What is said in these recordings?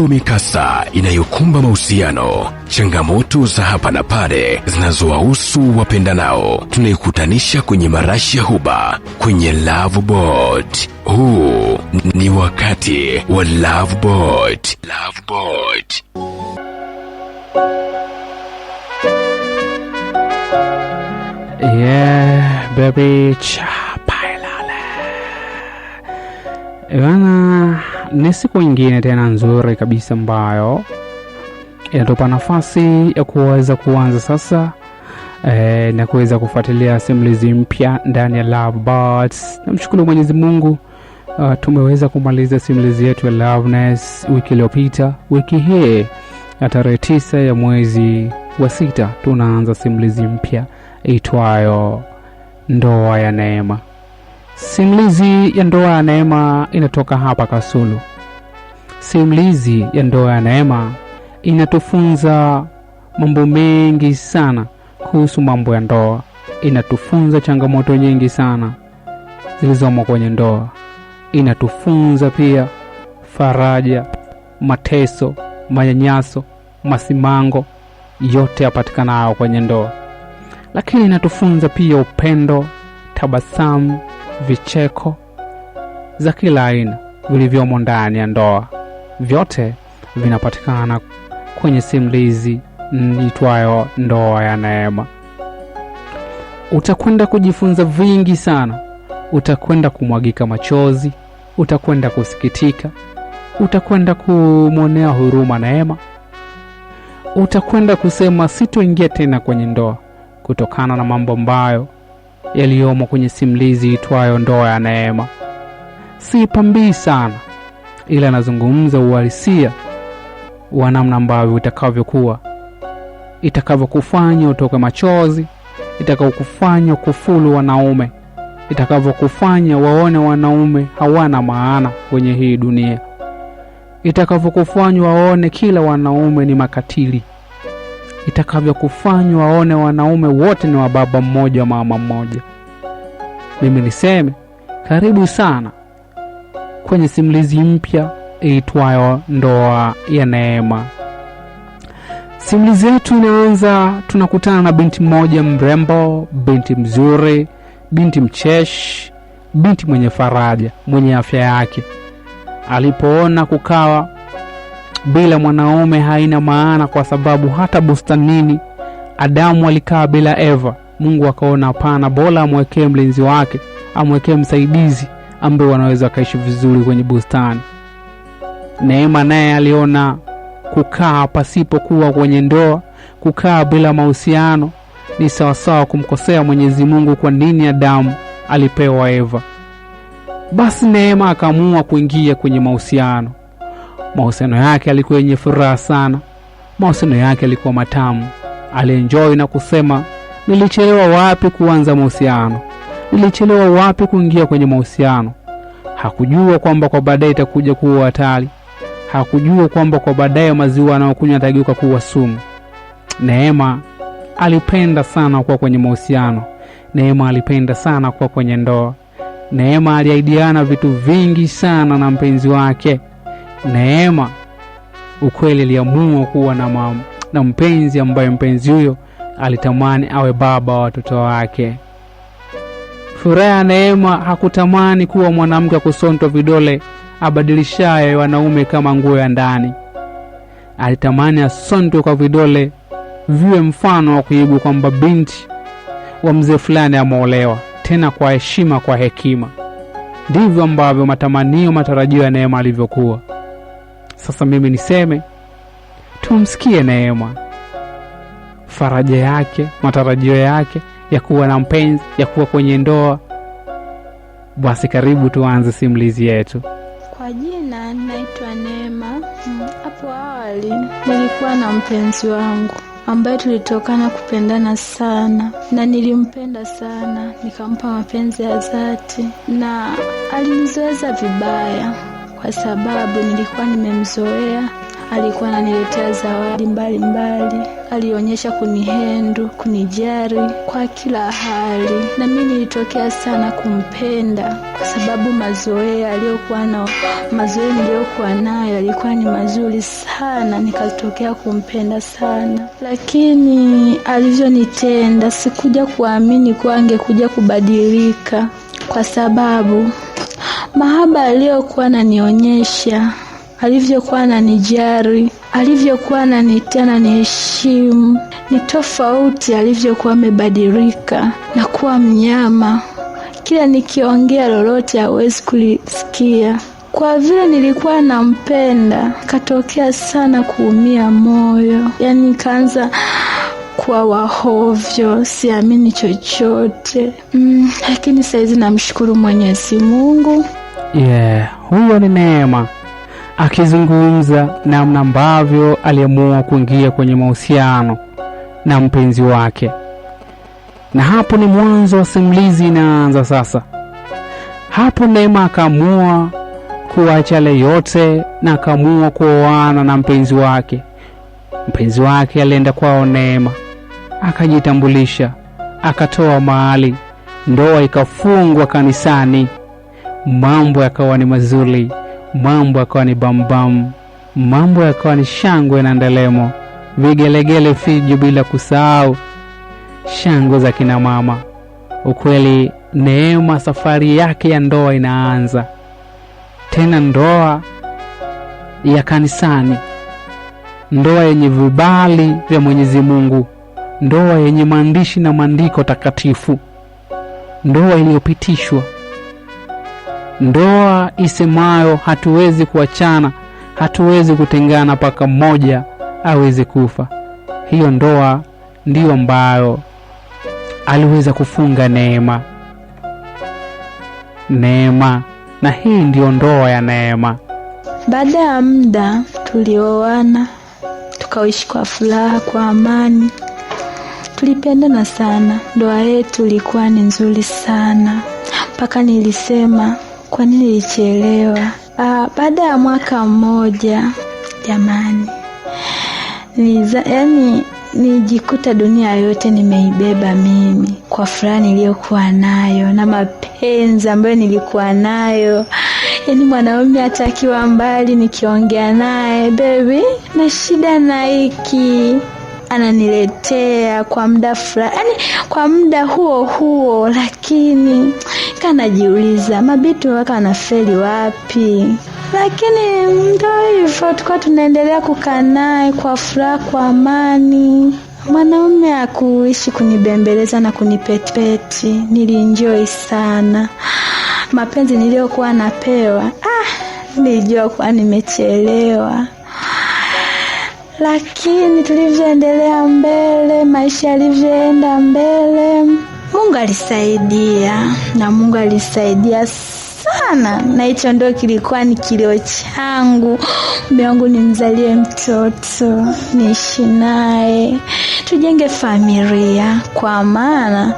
Iko mikasa inayokumba mahusiano, changamoto za hapa na pale zinazowahusu wapendanao, tunaikutanisha kwenye marashi ya huba kwenye Love Boat. Huu ni wakati wa Love Boat. Love Boat. Yeah, baby cha pailale ni siku nyingine tena nzuri kabisa ambayo inatupa nafasi ya kuweza kuanza sasa e, na kuweza kufuatilia simulizi mpya ndani ya Love na Namshukuru Mwenyezi Mungu. Uh, tumeweza kumaliza simulizi yetu ya Loveness wiki iliyopita. Wiki hii ya tarehe tisa ya mwezi wa sita tunaanza simulizi mpya itwayo Ndoa ya Neema. Simulizi ya ndoa ya Neema inatoka hapa Kasulu. Simulizi ya ndoa ya Neema inatufunza mambo mengi sana kuhusu mambo ya ndoa, inatufunza changamoto nyingi sana zilizomo kwenye ndoa, inatufunza pia faraja, mateso, manyanyaso, masimango yote yapatikanayo kwenye ndoa, lakini inatufunza pia upendo, tabasamu vicheko za kila aina vilivyomo ndani ya ndoa, vyote vinapatikana kwenye simulizi itwayo Ndoa ya Neema. Utakwenda kujifunza vingi sana, utakwenda kumwagika machozi, utakwenda kusikitika, utakwenda kumwonea huruma Neema, utakwenda kusema sitoingia tena kwenye ndoa kutokana na mambo ambayo yaliyomo kwenye simulizi itwayo Ndoa ya Neema. Si pambii sana, ila anazungumza uhalisia wa namna ambavyo itakavyokuwa, itakavyokufanya utoke machozi, itakavyokufanya kufulu wanaume, itakavyokufanya waone wanaume hawana maana kwenye hii dunia, itakavyokufanya waone kila wanaume ni makatili itakavyokufanywa waone wanaume wote ni wa baba mmoja, mama mmoja. Mimi niseme karibu sana kwenye simulizi mpya iitwayo Ndoa ya Neema. Simulizi yetu inaanza, tunakutana na binti mmoja mrembo, binti mzuri, binti mcheshi, binti mwenye faraja, mwenye afya yake. Alipoona kukawa bila mwanaume haina maana, kwa sababu hata bustanini Adamu alikaa bila Eva. Mungu akaona hapana, bora amwekee mlinzi wake, amwekee msaidizi ambaye wanaweza wakaishi vizuri kwenye bustani. Neema naye aliona kukaa pasipokuwa kwenye ndoa, kukaa bila mahusiano ni sawasawa kumkosea Mwenyezi Mungu. Kwa nini Adamu alipewa Eva? Basi Neema akaamua kuingia kwenye mahusiano. Mahusiano yake alikuwa yenye furaha sana, mahusiano yake alikuwa matamu. Alienjoy na kusema, nilichelewa wapi kuanza mahusiano? Nilichelewa wapi kuingia kwenye mahusiano? Hakujua kwamba kwa baadaye itakuja kuwa hatari. Hakujua kwamba kwa baadaye maziwa anayokunywa atagiuka kuwa sumu. Neema alipenda sana kuwa kwenye mahusiano. Neema alipenda sana kuwa kwenye ndoa. Neema aliahidiana vitu vingi sana na mpenzi wake neema, ukweli aliamua kuwa na, ma, na mpenzi ambaye mpenzi huyo alitamani awe baba wa watoto wake. Furaha Neema hakutamani kuwa mwanamke wa kusontwa vidole abadilishaye wanaume kama nguo ya ndani. Alitamani asontwe kwa vidole viwe mfano wa kuigwa kwamba binti wa mzee fulani ameolewa, tena kwa heshima, kwa hekima. Ndivyo ambavyo matamanio, matarajio ya Neema alivyokuwa. Sasa mimi niseme tumsikie Neema, faraja yake, matarajio yake ya kuwa na mpenzi, ya kuwa kwenye ndoa. Basi karibu tuanze simulizi yetu. Kwa jina naitwa Neema. Hapo awali nilikuwa na mpenzi wangu ambaye tulitokana kupendana sana na nilimpenda sana, nikampa mapenzi ya dhati na alinizoeza vibaya kwa sababu nilikuwa nimemzoea. Alikuwa ananiletea zawadi mbalimbali Alionyesha kunihendu, kunijari kwa kila hali, na mimi nilitokea sana kumpenda kwa sababu mazoea aliyokuwa na mazoea niliyokuwa nayo yalikuwa ni mazuri sana, nikatokea kumpenda sana. Lakini alivyonitenda sikuja kuamini kuwa angekuja kubadilika, kwa sababu mahaba aliyokuwa ananionyesha, alivyokuwa ananijari, alivyokuwa ananitia na niheshimu, ni tofauti alivyokuwa amebadilika na kuwa mnyama. Kila nikiongea lolote hawezi kulisikia. Kwa vile nilikuwa nampenda, katokea sana kuumia moyo, yaani nikaanza kuwa wahovyo, siamini chochote. Mm, lakini saizi namshukuru Mwenyezi Mungu Yeah, huyo ni Neema akizungumza namna ambavyo aliamua kuingia kwenye mahusiano na mpenzi wake, na hapo ni mwanzo wa simulizi inaanza sasa. Hapo Neema akaamua kuacha yale yote na akaamua kuoana na mpenzi wake. Mpenzi wake alienda kwao Neema, akajitambulisha, akatoa mahali, ndoa ikafungwa kanisani mambo yakawa ni mazuri, mambo yakawa ni bambam, mambo yakawa ni shangwe na ndelemo, vigelegele fiju, bila kusahau shangwe za kina mama. Ukweli Neema safari yake ya ndoa inaanza tena, ndoa ya kanisani, ndoa yenye vibali vya Mwenyezi Mungu, ndoa yenye maandishi na maandiko takatifu, ndoa iliyopitishwa ndoa isemayo hatuwezi kuachana, hatuwezi kutengana mpaka mmoja aweze kufa. Hiyo ndoa ndiyo ambayo aliweza kufunga Neema. Neema, na hii ndiyo ndoa ya Neema. Baada ya muda tulioana, tukaishi kwa furaha, kwa amani, tulipendana sana. Ndoa yetu ilikuwa ni nzuri sana mpaka nilisema kwa nini nilichelewa? Ah, baada ya mwaka mmoja jamani, niza, yani nijikuta dunia yote nimeibeba mimi kwa furaha niliyokuwa nayo na mapenzi ambayo nilikuwa nayo yaani mwanaume hata akiwa mbali nikiongea naye bebi, na shida na hiki ananiletea kwa muda fulani, yani kwa muda huo huo, lakini najiuliza mabitu waka wanafeli wapi lakini ndo hivyo tukawa tunaendelea kukaa kwa furaha kwa amani mwanaume akuishi kunibembeleza na kunipetipeti nilinjoi sana mapenzi niliyokuwa napewa ah, nilijua kuwa nimechelewa lakini tulivyoendelea mbele maisha yalivyoenda mbele Mungu alisaidia na Mungu alisaidia sana, na hicho ndio kilikuwa ni kilio changu. Mume wangu nimzalie mtoto, niishi naye, tujenge familia, kwa maana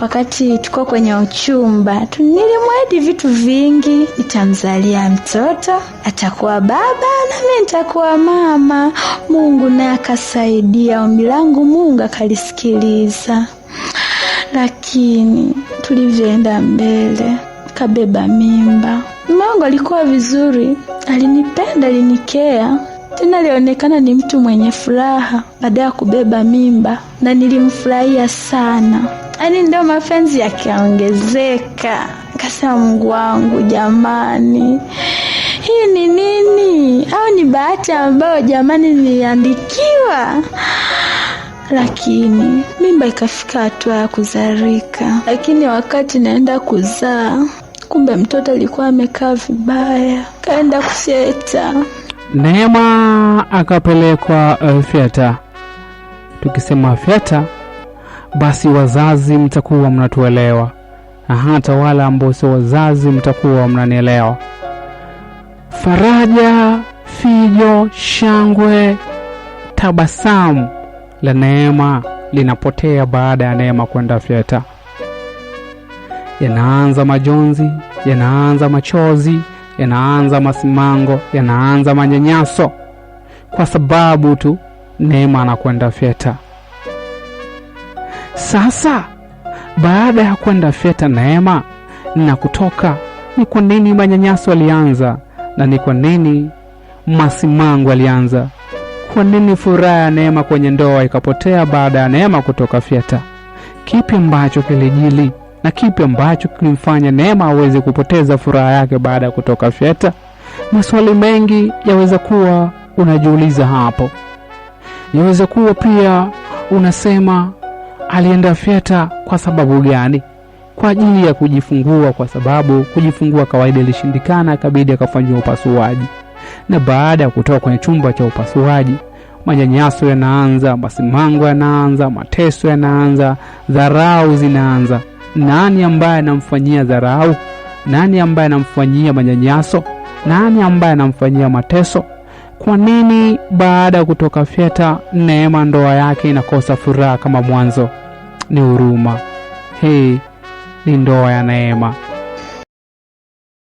wakati tuko kwenye uchumba nilimwahidi vitu vingi, nitamzalia mtoto, atakuwa baba na mimi nitakuwa mama. Mungu naye akasaidia ombi langu, Mungu akalisikiliza. Lakini tulivyoenda mbele kabeba mimba. Mume wangu alikuwa vizuri, alinipenda, alinikea tena alionekana ni mtu mwenye furaha baada ya kubeba mimba, na nilimfurahia sana. yani ndio mapenzi yakiongezeka kasema Mungu wangu, jamani, hii ni nini? Au ni bahati ambayo jamani niliandikiwa? lakini mimba ikafika hatua ya kuzarika, lakini wakati naenda kuzaa, kumbe mtoto alikuwa amekaa vibaya, kaenda kusieta. Neema akapelekwa eh, fyeta Tukisema fyeta basi wazazi mtakuwa mnatuelewa na hata wala ambao sio wazazi mtakuwa mnanielewa. Faraja, fijo, shangwe, tabasamu la neema linapotea baada ya neema kwenda fyeta. Yanaanza majonzi, yanaanza machozi, yanaanza masimango, yanaanza manyanyaso, kwa sababu tu neema anakwenda fyeta. Sasa baada ya kwenda fyeta neema na kutoka, ni kwa nini manyanyaso alianza na ni kwa nini masimango alianza? Kwa nini furaha ya Neema kwenye ndoa ikapotea baada ya Neema kutoka Fiata? Kipi ambacho kilijili na kipi ambacho kilimfanya Neema aweze kupoteza furaha yake baada ya kutoka Fiata? Maswali mengi yaweza kuwa unajiuliza hapo. Yaweza kuwa pia unasema alienda Fiata kwa sababu gani? Kwa ajili ya kujifungua, kwa sababu kujifungua kawaida ilishindikana, akabidi akafanyiwa upasuaji na baada ya kutoka kwenye chumba cha upasuaji manyanyaso yanaanza, masimango yanaanza, mateso yanaanza, dharau zinaanza. Nani ambaye anamfanyia dharau? Nani ambaye anamfanyia manyanyaso? Nani ambaye anamfanyia mateso? Kwa nini baada ya kutoka feta, Neema ndoa yake inakosa furaha kama mwanzo? Ni huruma. Hii ni ndoa ya Neema.